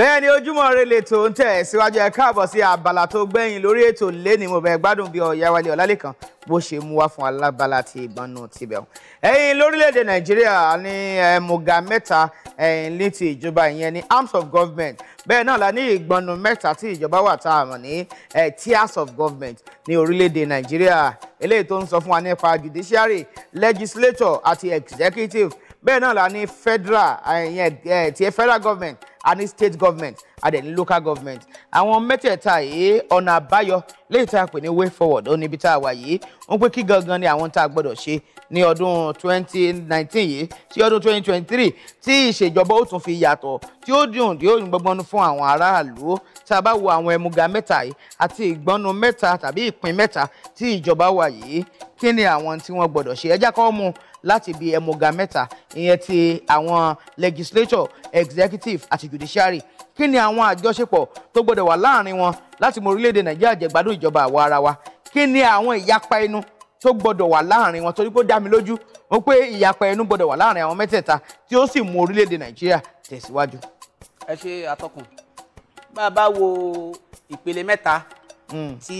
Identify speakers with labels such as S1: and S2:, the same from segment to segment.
S1: bẹ́ẹ̀ ni ojúmọ́ rẹ tó ń tẹ̀ síwájú ẹ káàbọ̀ sí abala tó gbẹ̀yìn lórí ètò lẹ́ni mo bẹ̀ gbádùn bí ọ̀yá ọ̀làlẹ́kan bó ṣe mú wá fún alábala ti ìgbọ́nú tibẹ̀. ẹ̀yin lórílẹ̀‐èdè nàìjíríà ní ẹ̀mùgà mẹ́ta ẹ̀yìn ní ti ìjọba ìyẹn ní arms of government bẹ́ẹ̀ náà la ní ìgbọ́nú mẹ́ta tí ìjọba wà tá a mọ̀ ní tiers of government ní orílẹ̀‐èdè nàìjíríà eléyìí tó ń sọ fún wa nípa judiciary legislature àti executive bẹ́ẹ̀ náà la ní federal ìyẹn ti federal government a ní state government a dẹ̀ ní local government àwọn mẹ́tẹ̀ẹ̀ta yìí ọ̀nà àbáyọ léyìí tá a pè ní way forward ó níbi tá a wà yìí wọ́n pé kí gangan ni àwọn tá a gbọ́dọ̀ ṣe ní ọdún 2019 yìí sí ọdún 2023 tí ìṣèjọba ó tún fi yàtọ̀ tí ó dùn tí ó yùn gbọgbọ́n fún àwọn aráàlú tá a bá wo àwọn ẹmuga mẹ́ta yìí àti ìgbọ́nu mẹ́ta tàbí ìpín mẹ́ta tí ìjọba wà yìí kí ni àwọn tí wọ́n gbọ́dọ̀ ṣe ẹjá kọ́ mu láti ibi ẹmuga mẹ́ta ìyẹn ti àwọn legislature executive àti judiciary kí ni àwọn àjọṣepọ̀ tó gbọ́dọ̀ wà láàrin wọn láti mọ orílẹ̀-èdè nàìjíríà jẹ̀gbádùn ìjọba àwa ara wa kí ni àwọn ìyapa ẹnu tó gbọdọ̀ wà láàrin wọn torí pé ó dá mi lójú mo pé ìyapa ẹnu gbọdọ̀ wà láàrin àwọn mẹ́tẹ̀ẹ̀ta tí ó sì mú orílẹ̀-èdè nàìjíríà tẹ̀síwájú. ẹ ṣe atọ́kùn bá a bá wo ìpele mẹ́ta hmm. tí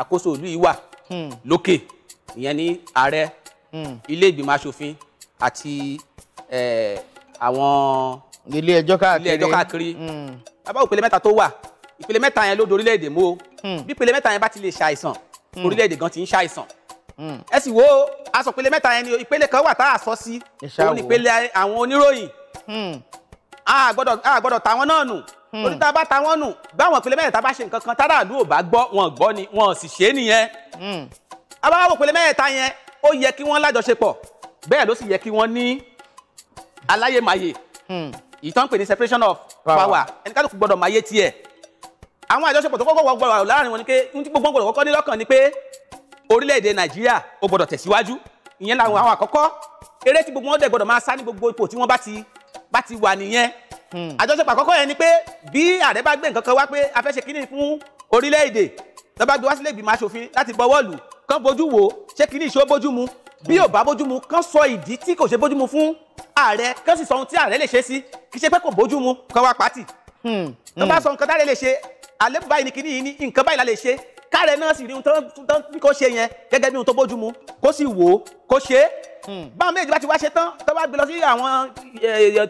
S1: àkóso ìlú yìí wà hmm. lókè ìyẹn ní ààrẹ hmm. ilé ìgbìmọ̀ asòfin àti àwọn ilé ẹjọ́ káàkiri bàbá òpele mẹ́ta tó wà ìpele mẹ́ta yẹn ló dorílẹ̀ èdè mú o hmm. bí ìpele mẹ́ta yẹn bá ti lè ṣàìsàn hmm. orílẹ̀ èdè gan ti ń ṣàìsàn hmm. ẹ sì wo aṣọ ìpele mẹ́ta yẹn ni ìpele kan wà tá a sọ sí òun ni ìpele àwọn oníròyìn a gbọ́dọ̀ ta wọ́n náà nù torí tá a bá ta wọ́n nù báwọn ìpele mẹ́ta bá ṣe nǹkan kan tára àdúrò bá gbọ́ wọn gbọ́ ni wọn sì ṣe é nìyẹn abáwọ̀ ìpele mẹ́ta yẹn ó yẹ kí wọ́n lájọṣepọ̀ bẹ́ẹ̀ ló sì yẹ kí wọ́n ní aláyèmáyè ìtàn pè ní separation of power ẹnikẹ́ni kò gbọ́dọ̀ máyé tiẹ̀ àwọn àjọṣepọ̀ tó kọ́kọ́ gbọ́dọ̀ láàrin wọn ni pé ní tí gbogbo gbọ́dọ̀ kọ́kọ́ ní lọ́kàn ni pé orílẹ̀-èdè nàìjíríà ó gbọ́dọ̀ tẹ̀síwájú ìyẹn làwọn àwọn àkọ́kọ́ eré tí gbogbo wọn dẹ̀ gbọ́dọ̀ máa sá ní gbogbo ipò tí wọ́n bá ti bá ti wà nìyẹn hmm. àjọṣepọ̀ àkọ́kọ́ yẹn ni pé bí ààrẹ bá gbé nǹkan kan wá pé a fẹ́ ṣe kíní fún orílẹ̀-èdè tó bá gbé wá sílé ìgbìmọ̀ asòfin láti bọwọ́ lù kán bójú wò ṣé kíní ìṣó bójú mu bí mu kán sọ ìdí tí kò mu fún ààrẹ kán sì sọ ohun tí ààrẹ lè ṣe sí mu kán wá pàtì hmm. tó bá hmm. sọ nǹkan tá àlébù báyìí ni kíní yìí ní nǹkan báyìí la lè ṣe káàrẹ̀ náà sì rí ohun tán bí kò ṣe yẹn gẹ́gẹ́ bí ohun tó bójú mu kó sì wò ó kó ṣe é hmm. báwọn méjì bá ti wá ṣe tán tó bá gbé lọ sí àwọn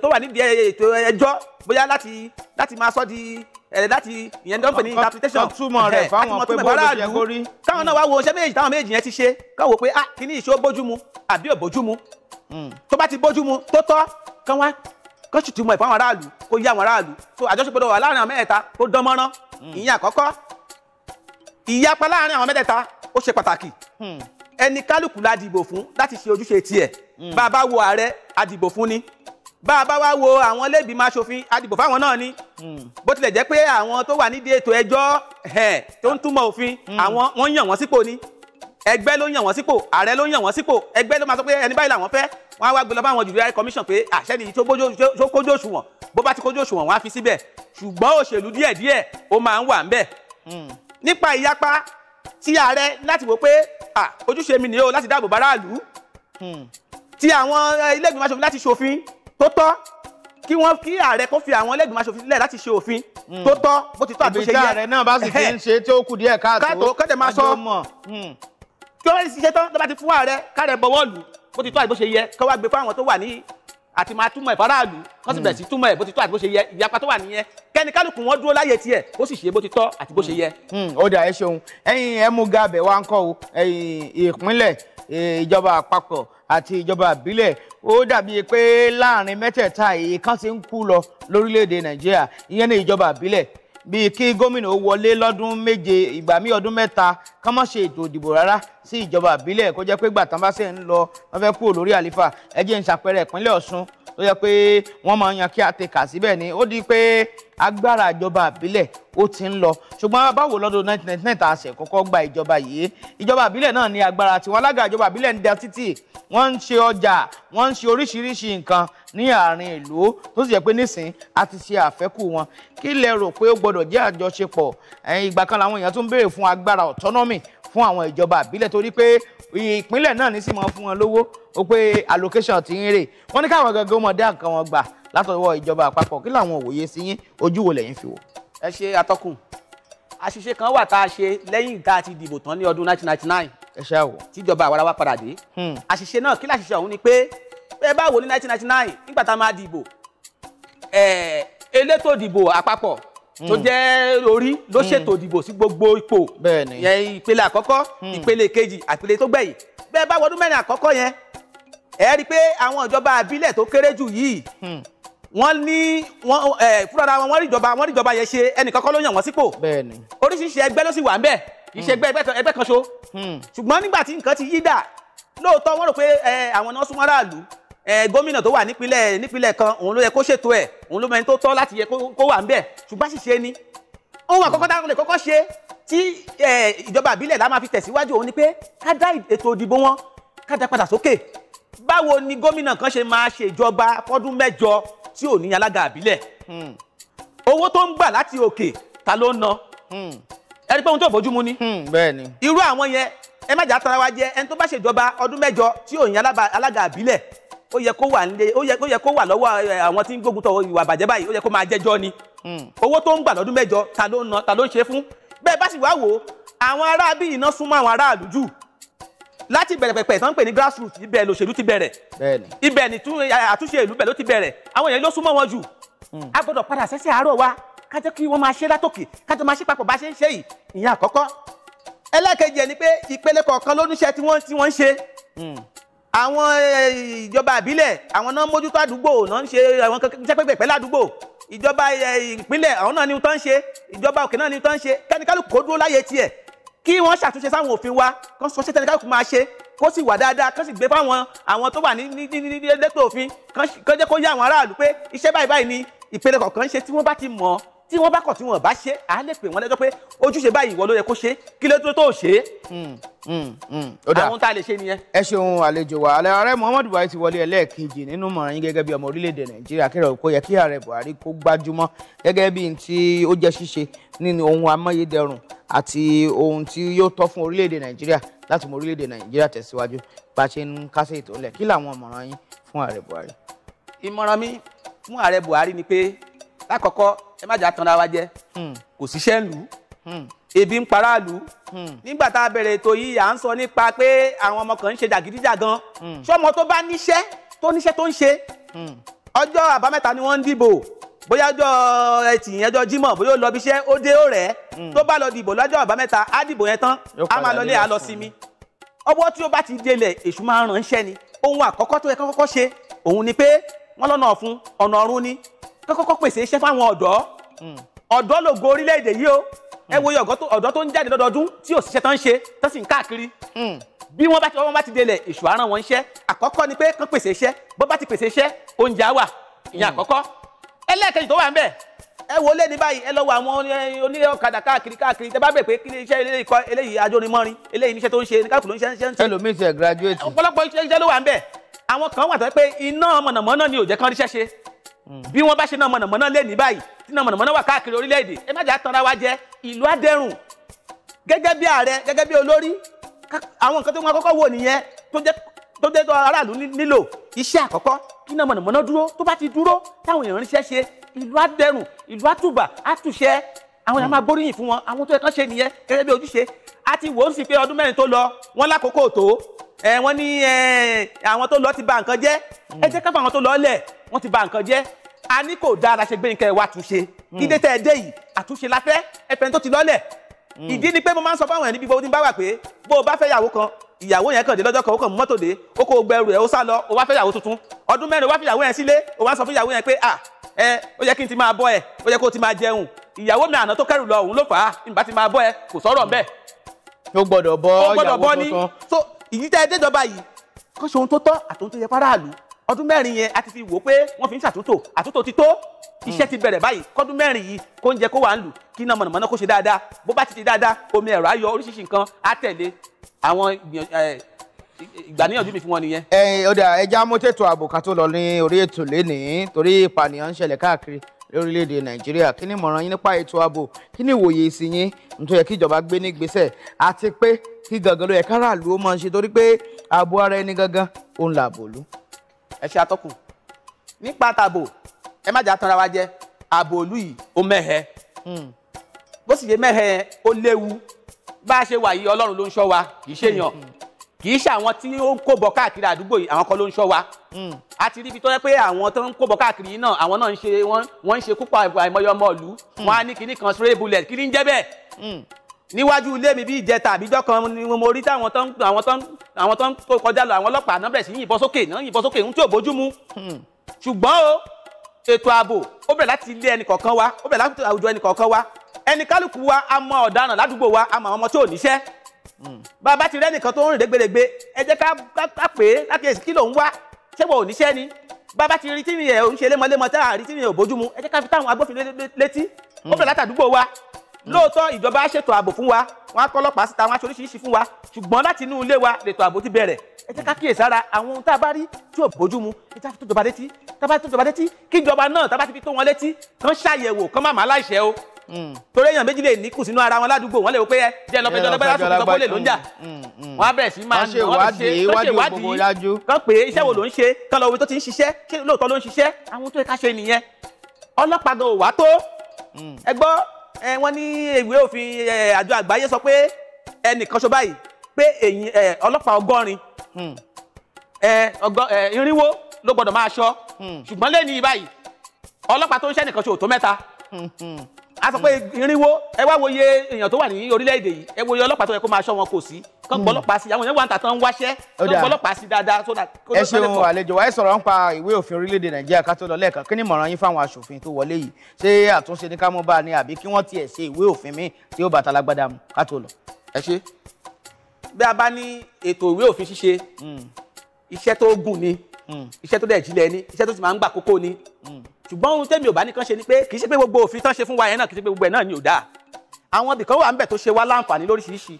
S1: tó wà nídìí ètò ẹjọ́ bóyá láti láti máa sọ di láti ìyẹn tó ń pè ní interpretation ọtúmọ̀ rẹ̀ fáwọn pé bọ́ọ̀lù yẹ kó rí. káwọn náà wá wo iṣẹ́ méjì táwọn méjì yẹn ti ṣe káwọn wò pé ah kíní ìṣó bójú mu àbí ò bójú mu hmm. tó bá ti bójú mu tó tọ́ kán wá kán sì túmọ̀ ìfọ̀ àwọn aráàlú kó yé àwọn aráàlú so àjọṣepọ̀ wà láàrin àwọn mẹ́ẹ̀ta tó dán mọ́rán Hmm. ìyẹn àkọ́kọ́ ìyapa láàrin àwọn mẹ́tẹ̀ẹ̀ta ó ṣe pàtàkì hmm. ẹni kálukú la dìbò fún láti ṣe ojúṣe tiẹ̀ hmm. bá a bá wo ààrẹ a dìbò fún ni bá a bá wá wo àwọn lẹ́bi máa ṣòfin a dìbò fáwọn náà ni bó tilẹ̀ jẹ́ pé àwọn tó wà nídìí ètò ẹjọ́ tó ń túmọ̀ òfin àwọn wọ́n yàn wọ́n sípò ni ẹgbẹ́ ló yàn wọ́n sípò ààrẹ ló yàn wọ́n sípò ẹgbẹ́ ló máa sọ pé ẹni báyìí làwọn fẹ́ wọ́n á wá gbé lọ bá àwọn judiciary commission pé àṣẹ́ni yìí tó kójú òṣùwọ̀n bó bá ti kójú òṣùwọ̀n wọ́n á fi síbẹ̀ ṣùgbọ́n òṣèlú díẹ̀díẹ̀ ó máa ń wà ń bẹ̀. Hmm. nípa ìyapa ti ààrẹ láti wò pé ojúṣe mi nìyó láti dáàbò báráàlú hmm. ti àwọn eh, ilé ìgbìmọ̀ aṣòfin láti ṣòfin tó tọ́ kí wọ́n kí ààrẹ kó fi àwọn ẹlẹ́gbẹ̀mọ aṣòfin sílẹ̀ láti ṣe òfin hmm. tó tọ́ bó ti tọ́ àti bó ṣe yẹ. ìbíjà rẹ̀ náà bá sì fi ń ṣe tí ó kù díẹ̀ káàtó káàtó kẹ́tẹ̀ máa sọ tí wọ́n bá ti ṣiṣẹ́ tán tó bá ti fún ààrẹ káàrẹ̀ bọ̀wọ́ lù bó ti tó àti bó ṣe yẹ kó wá gbé fáwọn tó wà ní àti máa túmọ̀ ìfaraàlú wọ́n sì bẹ̀rẹ̀ sí túmọ̀ ẹ̀ bó ti tọ́ àti bó ṣe yẹ ìyapa tó wà nìyẹn kẹ́ni kálukú wọn dúró láyè tiẹ̀ ó sì ṣe bó ti tọ́ àti bó ṣe yẹ. Hmm, ó dà ẹ ṣeun ẹ̀yin ẹ mú ga abẹ wa ń kọ o ẹ̀yin ìpínlẹ̀ ìjọba àpapọ̀ àti ìjọba ìbílẹ̀ ó dàbí pé láàrin mẹ́tẹ̀ẹ̀ta èyí ti ń kú lọ lórílẹ̀‐èdè nàìjíríà ìyẹn ní ìjọba ìbílẹ̀ bíi kí gómìnà ó wọlé lọ́dún méje ìgbà míì ọdún mẹ́ta kán má ṣe ètò ìdìbò rárá sí ìjọba ìbílẹ̀ kó jẹ́ pé gbàtàn bá ṣe ń lọ wọ́n fẹ́ kúrò lórí àlífà ẹ jẹ́ n ṣàpẹẹrẹ ìpínlẹ̀ Ọ̀ṣun tó yẹ pé wọ́n máa yan kí a ti kà síbẹ̀ ni ó di pé agbára ìjọba ìbílẹ̀ ó ti ń lọ ṣùgbọ́n báwo lọ́dún 1999 tá a ṣe kọ́kọ́ gba ìjọba yìí ìjọba ìbílẹ̀ náà ní agbára tiwọn alága ìjọba ìbílẹ̀ ń da títì wọ́n ń ṣe ọjà wọ́n ń ṣe oríṣiríṣi nǹkan ní àárín ìlú tó sì jẹ́ pé nísìn a ti ṣe àfẹ́kù wọn kí lẹ rò pé ó gbọ́dọ̀ jẹ́ àjọṣepọ̀ ìgbà kan làwọn èèyàn tún béèrè fún agbára autonomy fún àwọn ìjọba àbílẹ̀ torí pé ìpínlẹ̀ náà ní sì máa fún wọn lówó ó pé allocation ti ń rè wọ́n ní káwọn gangan ó mọ dá nǹkan wọn gbà látọwọ́ ìjọba àpapọ̀ kí làwọn òwòye sí yín ojú wo lẹ́yìn fi wò. ẹ ṣe atọ́kùn àṣìṣe kan wà tá a ṣe lẹ́yìn tá a ti dìbò tán ní ọdún 1999 ẹ ṣe àwọ̀ tíjọba àwarawa padà dé hmm. àṣìṣe náà kí láṣìṣe ọ̀hún ni pé ẹ bá wò ní 1999 nígbà tá a máa dìbò elétò ìdìbò àpapọ̀ hmm. tó jẹ́ orí ló hmm. ṣètò ìdìbò sí gbogbo ipò yẹn ìpele àkọ́kọ́ hmm. ìpele kejì àpele tó gbẹ̀yìn bẹ́ẹ̀ bá wọdún mẹ́rin àkọ́kọ́ yẹn ẹ rí i pé àwọn ìjọba àbílẹ̀ tó kéré jù yìí wọ́n ní wọ́n ẹ̀ fúnra wọn wọ́n rí ìjọba wọ́n rí ìjọba yẹn ṣe ẹnìkan kọ́ ló yàn wọ́n sípò oríṣiríṣi ẹgbẹ́ ló sì wà ń bẹ̀ kì í ṣe ẹgbẹ́ ẹgbẹ́ kan ṣo ṣùgbọ́n nígbà tí nǹkan ti yí dà lóòótọ́ wọ́n rò pé àwọn náà súnmọ́ aráàlú gómìnà tó wà nípínlẹ̀ nípínlẹ̀ kan òun ló yẹ kó ṣètò ẹ̀ òun ló mọ ẹni tó tọ́ láti yẹ kó wà ńbẹ̀ ṣùgbọ́n ṣìṣe ni ohun àkọ́kọ́ tá a lè kọ́kọ́ ṣe tí ìjọba àbílẹ̀ la máa fi tẹ̀síwájú òun ni pé ká dá ètò òdìbò wọn ká dá padà sókè báwo ni gómìnà kan ṣe máa ṣèjọba fọ́dún mẹ́jọ tí ò ní alága àbílẹ̀ hmm. owó tó ń gbà láti òkè ta ló ń ná hmm. ẹ rí pé ohun tó bójú mu hmm, ni irú àwọn yẹn ẹ má jà tara wa jẹ ẹni tó bá ṣèjọba ọdún mẹ́jọ tí ò ní alága àbílẹ̀ ó yẹ kó wà nílé ó yẹ kó wà lọ́wọ́ àwọn tí ń gbógun tọ ìwà bàjẹ́ báyìí ó yẹ kó máa jẹ́jọ́ ni hmm. owó tó ń gbà lọ́dún mẹ́jọ ta ló ń ta ló ń ṣe fún bẹ́ẹ̀ bá sì wá wò ó àwọn ará bí iná súnmọ́ àwọn aráàlú jù láti bẹ̀rẹ̀ pẹ̀pẹ̀ tó ń pè ní grassroots ibẹ̀ lòṣèlú ti bẹ̀rẹ̀ ibẹ̀ ni àtúnṣe ìlú bẹ̀ ló ti bẹ̀rẹ̀ àwọn èèyàn ló súnmọ́ wọn jù hmm. a gbọ́dọ̀ padà sẹ́sẹ̀ àárọ̀ wa ká jẹ́ kí wọ́n máa ṣe látòkè ká jọ máa ṣe papọ̀ bá ṣe ń ṣe yìí ìyẹn àkọ́kọ́ ẹlẹ́ẹ̀kejì ẹ̀ ni pé ìpele kọ̀ọ̀kan lóníṣẹ́ tí wọ́n ń ṣe hmm àwọn eh, ìjọba àbílẹ̀ àwọn náà mójútó àdúgbò náà ń ṣe àwọn iṣẹ́ pẹ́pẹ́pẹ́ ládùúgbò ìjọba eh, ìpínlẹ̀ àwọn náà ni tó ń ṣe ìjọba òkè náà ni tó ń ṣe kẹ́nikálù kó dúró láyé tiẹ̀ kí wọ́n ṣàtúnṣe sáwọn òfin wa kó sọ ṣé kẹ́nikálù kó máa ṣe kó sì wà dáadáa kó sì gbé fáwọn àwọn tó wà ní lẹ́tọ̀ òfin kó jẹ́ kó yé àwọn aráàlú pé iṣẹ́ báyìí báyìí ni ìpele kọ̀ọ̀kan ṣe tí wọ́n bá ti mọ̀ ọ́ tí wọ́n bá kọ̀ tí wọ́n bá ṣe á lè pè wọ́n lẹ́jọ́ pé ojúṣe báyìí ìwọ ló yẹ kó ṣe kí ló tó tó ṣe é. Hmm, hmm, hmm. àwọn tá a lè ṣe nìyẹn. ẹ ṣeun àlejò wa alẹ́ ààrẹ Muhammadu Buhari ti wọlé ẹlẹ́ẹ̀kejì nínú mọ̀ràn yín gẹ́gẹ́ bí ọmọ orílẹ̀-èdè Nàìjíríà kí ó yẹ kí ààrẹ Buhari kó gbájúmọ́ gẹ́gẹ́ bí n tí ó jẹ́ ṣíṣe nínú ohun amáyédẹrùn àti ohun tí yóò tọ́ fún orílẹ̀-èdè Nàìjíríà láti mú orílẹ̀-èdè Nàìjíríà tẹ̀síwájú bá a ṣe ń kásẹ̀ ìtọ́lẹ̀ kí làwọn ìmọ̀ràn yín fún ààrẹ Buhari. ìmọ̀ràn mi fún ààrẹ Buhari ni pé lákọ̀ọ́kọ́ ẹ má jà tanra wa jẹ hmm. kò síṣẹ́ ń lù ú hmm. ebi ń paráàlú hmm. nígbà tá a bẹ̀rẹ̀ ètò yìí à ń sọ nípa pé àwọn ọmọ kan ń ṣe jàgídíjàgan ṣọmọ tó bá níṣẹ́ tó níṣẹ́ tó ń ṣe ọjọ́ àbámẹ́ta ni wọ́n ń dìbò bóyá ọjọ́ ẹtì yẹn ọjọ́ jímọ̀ bóyá ó lọ ibiṣẹ́ ó dé ó rẹ̀ tó bá lọ dìbò lọ́jọ́ àbámẹ́ta á dìbò yẹn tán á máa lọ lé àlọ́ sinmi ọwọ́ tí ó bá ti délẹ̀ èṣù máa ń ránṣẹ́ ni ohun àkọ́kọ́ tó yẹ kọ́kọ́ ṣe òun ni pé wọ́n lọ́nà ọ̀fun ọ̀nà ọ̀run ni kọ́kọ́ pèsè iṣẹ́ fáwọn ọ̀dọ́ hmm. ọ̀dọ́ lògo orílẹ̀-èdè yìí o ẹ hmm. wo iye ọ̀dọ́ tó ń jáde lọ́dọọdún tí òṣìṣẹ́ tán ń ṣe tán sì ń káàkiri hmm. bí wọ́n bá ti wọ́n bá ti délẹ̀ èṣù àrán wọn iṣẹ́ àkọ́kọ́ ni pé kán pèsè iṣẹ́ bó bá ti pèsè iṣẹ́ oúnjẹ á wà ìyẹn àkọ́kọ́ ẹlẹ́ẹ̀kejì tó wà ń bẹ̀ ẹ wo lé ní báyìí ẹ lọ wo àwọn onílé ọ̀kadà káàkiri káàkiri tẹ bá bẹ̀ pé kí iṣẹ́ eléyìí kọ́ eléyìí ajórimọ́rin eléyìí níṣẹ́ tó ń ṣe káàkiri ló ń ṣe ń ṣe ń ṣe. ẹlòmíì ti ẹ̀ graduate. ọ̀pọ̀lọpọ̀ iṣẹ́ ló wà ń bẹ̀ àwọn kan wà tó pé iná mọ̀nàmọ́ná ni ò jẹ́ kán ríṣẹ́ ṣe Mm. bí wọ́n bá ṣe náà mọ̀nàmọ́ná lé ní báyìí tí náà mọ̀nàmọ́ná wà káàkiri orílẹ̀-èdè ẹ má jà tanra wa jẹ ìlú adẹ́rùn gẹ́gẹ́ bí ààrẹ gẹ́gẹ́ bí olórí àwọn nǹkan tó wọn kọ́kọ́ wò nìyẹn tó jẹ́ tó jẹ́ tó aráàlú nílò iṣẹ́ àkọ́kọ́ kí náà mọ̀nàmọ́ná dúró tó bá ti dúró táwọn èèyàn ríṣẹ́ ṣe ìlú adẹ́rùn ìlú àtùbà àtùṣẹ́ àwọn yàrá máa gbóríyìn fún wọn àwọn tó yẹ kán ṣe nìyẹn gẹ́gẹ́ bí ojúṣe a ti wò ó sì pé ọdún mẹ́rin tó lọ wọ́n lákòókò tó ẹ wọ́n ní àwọn tó lọ ti bà nǹkan jẹ́ ẹ jẹ́ ká fà àwọn tó lọ lẹ̀ wọ́n ti bà nǹkan jẹ́ a ní kò dára ṣe gbẹ̀yìn kẹwàá àtúnṣe ìdè tẹ̀ ẹ́ dé yìí àtúnṣe la fẹ́ ẹ̀fẹ̀ tó ti lọ́lẹ̀ hmm. ìdí ni pé mo máa ń sọ fáwọn ẹ̀ níbi gbogbo tí n bá wà pé bó o bá fẹ́ yàwó kan ìyàwó yẹn kàn dé lọ́jọ́ kan ó kàn mú mọ́tò dé ó kó gbẹ ẹrù ẹ̀ ó sá lọ ó wá fẹ́ yàwó tuntun ọdún mẹ́rin ó wá fi yàwó yẹn sílé ó wá sọ fún yàwó yẹn pé à ẹ ó yẹ kí n ti máa bọ́ ẹ ó yẹ kó o ti máa jẹun ìyàwó mi àná tó kẹ́rù lọ òun ló fà á ìbá ti máa bọ́ ẹ kò sọ̀rọ̀ bẹ́ẹ̀. ó gbọ́dọ̀ bọ́ ìyàwó tuntun ọdún mẹ́rin yẹn a ti fi wò ó pé wọ́n fi ń ṣàtúntò àtúntò ti tó iṣẹ́ ti bẹ̀rẹ̀ báyìí kọ́dún mẹ́rin yìí kó ń jẹ kó wà ń lù kí iná mọ̀nàmọ́ná kó ṣe dáadáa bó bá ti ṣe dáadáa omi ẹ̀rọ ayọ oríṣiríṣi nǹkan á tẹ̀lé àwọn ìgbàníyànjú mi fún wọn nìyẹn. ẹ ọ̀dà ẹja mọ́tẹ́tò ààbò kan tó lọ ní orí ètò lénìí torí ìpànìyàn ń ṣẹlẹ̀ káàkiri lórílẹ̀ nàìjíríà kí ni ìmọ̀ràn yín nípa ètò ààbò kí ni ìwòye ìsìn yín nítorí yẹ kí ìjọba gbé ní gbèsè àti pé kí gangan ló yẹ káràlú ó máa ṣe torí pé ààbò ara ẹni gangan òun làbòlú ẹ ṣe atọ́kùn nípa tààbò ẹ má jà tanra wa jẹ ààbò òlú yìí ó mẹ́hẹ hmm. bó sì yẹ mẹ́hẹ ó léwu bá a ṣe wà yìí ọlọ́run ló ń ṣọ́ wa kì í ṣèyàn hmm. kì í ṣe àwọn tí ó ń kó bọ̀ káàkiri àdúgbò yìí àwọn kan ló ń ṣọ́ wa hmm. a ti rí ibi tó yẹ pé àwọn tó ń kó bọ̀ káàkiri yìí náà àwọn náà ń ṣe wọ́n ń ṣe kópa àìmọye ọmọ ìlú wọn á ní kinní kan spray bullet kí ni ń jẹ́ bẹ́ẹ̀ níwájú ilé mi bí ìjẹta àbíjọ kan ni mo rí táwọn tó ń àwọn tó ń àwọn tó ń kọjá lọ àwọn ọlọ́pàá náà bẹ̀rẹ̀ sí yìnbọn sókè náà yìnbọn sókè ń tí ò bójú mu hmm. ṣùgbọ́n o ètò ààbò ó bẹ̀rẹ̀ láti ilé ẹnì kọ̀ọ̀kan wa ó bẹ̀rẹ̀ láti àwùjọ ẹnì kọ̀ọ̀kan wa ẹnì kálukú wa a mọ ọ̀daràn ládùúgbò wa a mọ àwọn ọmọ tí ò níṣẹ́ hmm. bàbá ti rẹ́ nìkan tó ń rìn dẹ́gbẹ̀rẹ̀gbẹ̀ ẹ jẹ́ ká pè é láti èsì kí lòun wá ṣé wọn ò níṣẹ́ ni bàbá ti rí tí mi ẹ̀ ń ṣe lémọ́lémọ́ tá a rí tí mi ẹ̀ ò bójú mu ẹ jẹ́ ká fi táwọn agbófinró létí ó hmm. bẹ̀rẹ̀ látàdúgbò lóòótọ́ ìjọba ṣètò ààbò fún wa wọn akọlọ́pàá síta wọn aṣọ oríṣiríṣi fún wa ṣùgbọ́n láti inú ilé wa lètò ààbò ti bẹ̀rẹ̀ ẹ jẹ́ ká kíyèsára àwọn ohun tá a bá rí tí ò bójú mu ẹ jẹ́ tó jọba létí kí ìjọba náà tá a bá ti fi tó wọn létí kán ṣàyẹ̀wò kán má má láìṣẹ̀ o hmm. torí èèyàn méjì lè níkùn sínú ara wọn ládùúgbò wọn lè wò pé ẹ jẹ́ lọ́pẹ́jọ́ lọ́pẹ́jọ́ lásìkò tó lè ló ń jà hmm. wọn á bẹ̀rẹ̀ sí máa wọ́n ní ìwé òfin àjọ àgbáyé sọ pé ẹnìkan ṣo báyìí pé èyí ọlọ́pàá ọgọ́rin hmm. irinwó ló gbọ́dọ̀ máa ṣọ́ hmm. ṣùgbọ́n lẹ́ni báyìí ọlọ́pàá tó ń ṣẹ́ nìkan ṣo tó mẹ́ta hmm, a sọ pé irinwó ẹ wá wo iye èèyàn tó wà ní orílẹ̀-èdè yìí ẹ wo iye ọlọ́pàá tó yẹ kó máa ṣọ́ wọn kò sí kán hmm. gbọ́lọ́pàá sí àwọn èèyàn wà ń tàtàn ń wáṣẹ́ kán gbọ́lọ́pàá sí so that. ẹ ṣeun àlejò wa ẹ sọ̀rọ̀ nípa ìwé òfin orílẹ̀-èdè nàìjíríà ká tó lọ lẹ́ẹ̀kan kí ni ìmọ̀ràn yín fáwọn aṣòfin tó wọlé yìí ṣé àtúnṣe ní ká mú bá a ní àbí kí wọ́n tiẹ̀ ṣe ìwé òfin míì tí ó bá talágbádá mu ká tó lọ. ẹ ṣe. bí a bá ní ètò ìwé òfin ṣíṣe hmm. iṣẹ́ tó gùn ni hmm. iṣẹ́ tó dẹ̀ jílẹ̀ ni iṣẹ́ tó ti máa ń gbà kókó ni ṣùgbọ́n ohun tẹ́mi ò bá nìkan ṣe ni pé kì í ṣe pé gbogbo òfin tán ṣe fún wa yẹn náà kì í ṣe pé gbogbo ẹ̀ náà ni ò dáa àwọn ibìkan wà ń bẹ̀ tó ṣe wá láǹfààní lóríṣiríṣi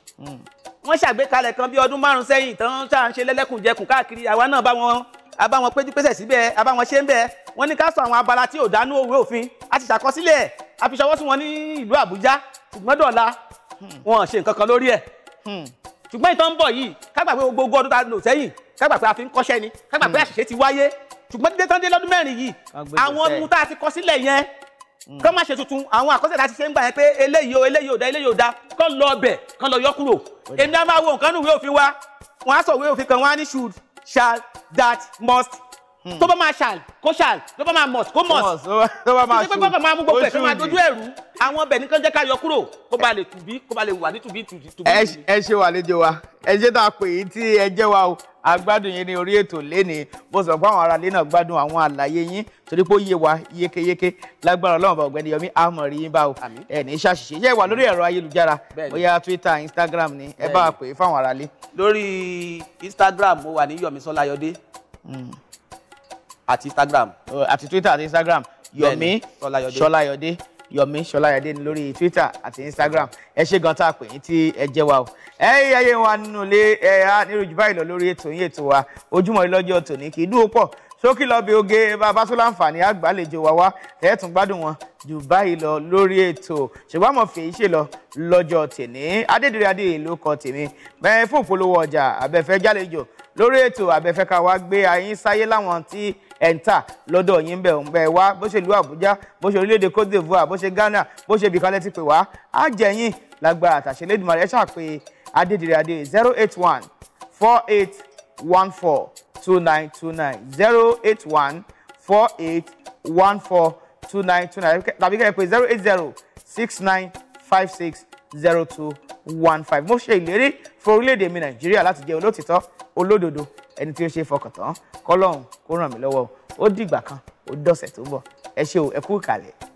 S1: wọ́n ṣàgbékalẹ̀ kan bí ọdún márùn sẹ́yìn tán ṣáà ń ṣe lẹ́lẹ́kùnjẹkùn káàkiri àwa náà bá wọn abá wọn péjú pésẹ̀ síbẹ̀ abá wọn ṣe ń bẹ̀ wọ́n ní ká sọ àwọn abala tí ò dánú òwe òfin a ti ṣàkọsílẹ̀ ẹ̀ a fi ṣọwọ́ sí wọn ní ìlú Àbújá ṣùgbọ́n dọ̀la wọn ṣe nǹkan kan lórí ẹ̀ ṣùgbọ́n ìtàn ń bọ̀ yìí kágbà pé gbogbo ọdún ta lò sẹ́yìn kágbà pé a fi ń kọ́ṣẹ́ ni kágbà pé àṣìṣe ti wáyé ṣùgbọ́n dídé tán dé lọ́dún mẹ́rin yìí àwọn ohun tá a ti kọ sílẹ̀ yẹn kọ́ má ṣe tuntun àwọn àkọsílẹ̀ láti ṣe ń gbà yẹn pé eléyìí o eléyìí ò da eléyìí ò da kọ́ lọ ọbẹ̀ kọ́ lọ yọ kúrò èmi á máa wo nǹkan nínú ìwé òfin wa wọ́n á sọ ìwé òfin kan wọ́n á ní should shall that must Hmm. tó bá máa ṣàl kó ṣàl tó bá máa mọ̀s kó mọ̀s tó bá máa ṣù tó bá máa mú gbogbo ẹ̀ tó máa dojú ẹ̀rú àwọn ọbẹ̀ nìkan jẹ́ ká yọ kúrò kó ba lè tùbí kó ba lè wà ní tùbí tùbí. ẹ ṣe wà lédè wa ẹ ṣe tá a pè yín tí ẹ jẹ́ wa o agbádùn yín ní orí ètò lénìí mo sọ pé àwọn ará ilé náà gbádùn àwọn àlàyé yín torí pé ó yé wa yékéyéké lágbára Ọlọ́run bá Ọ̀gbẹ́ni Yọmí àmọrí yín bá o ẹ ní ṣàṣìṣe yẹ wà lórí ẹ̀rọ ayélujára bóyá Twitter Instagram ni ẹ bá a pè é fáwọn ará ilé. lórí Instagram mo wà ní Yọmísọ́lá Ayọ̀dé hmm. At instagram. àti oh, twitter àti instagram yomi ṣọláyọdé yomi ṣọláyọdé ni lórí twitter àti instagram ẹ ṣe gan tá a pè yín tí ẹ jẹ́ wa o. ẹ̀yin ayé wa nínú ilé ẹ á níròjú báyìí lọ lórí ètò yín ètò wa ojúmọ́ lọ́jọ́ tòní kì í dúró pọ̀ sókè lọ́bẹ̀ oge bàbá tó láǹfààní wawa wa wá ẹ̀ẹ́tùn gbádùn wọn jù báyìí lọ lórí ètò ṣùgbọ́n àmọ́ fèyí ṣe lọ lọ́jọ́ tèmi adédèrè adéyè ló kọ tèmi bẹ́ẹ̀ fún ìpolówó ọjà abẹ́fẹ́ jálejò lórí ètò abẹ́fẹ́ ká wá gbé ayín sáyé láwọn tí ẹ̀ ń tà lọ́dọ̀ yín bẹ̀ ń bẹ̀ wá bó ṣe ìlú Àbújá bó ṣe orílẹ̀-èdè Cote d'Ivoire bó ṣe Ghana bó ṣe ibìkan lẹ́tí pè wá á jẹ́ yín lágbára àtàṣe lẹ́dùnmarè ṣàpè Adédìrẹ Adé zero eight one four eight one four two nine two nine zero eight one four eight one four two nine two nine tàbí kẹ́ ẹ zero eight zero six nine five six zero two one five mo ṣe ìlérí fún orílẹ̀-èdè mi Nàìjíríà láti jẹ́ olótìtọ́ olódodo ẹni tí ó ṣe fọkàn tán kọ́lọ́hún kó ràn mí lọ́wọ́ ó dìgbà kan ó dọ̀sẹ̀ tó bọ̀ ẹ ṣé o ẹ kú ìkàlẹ̀.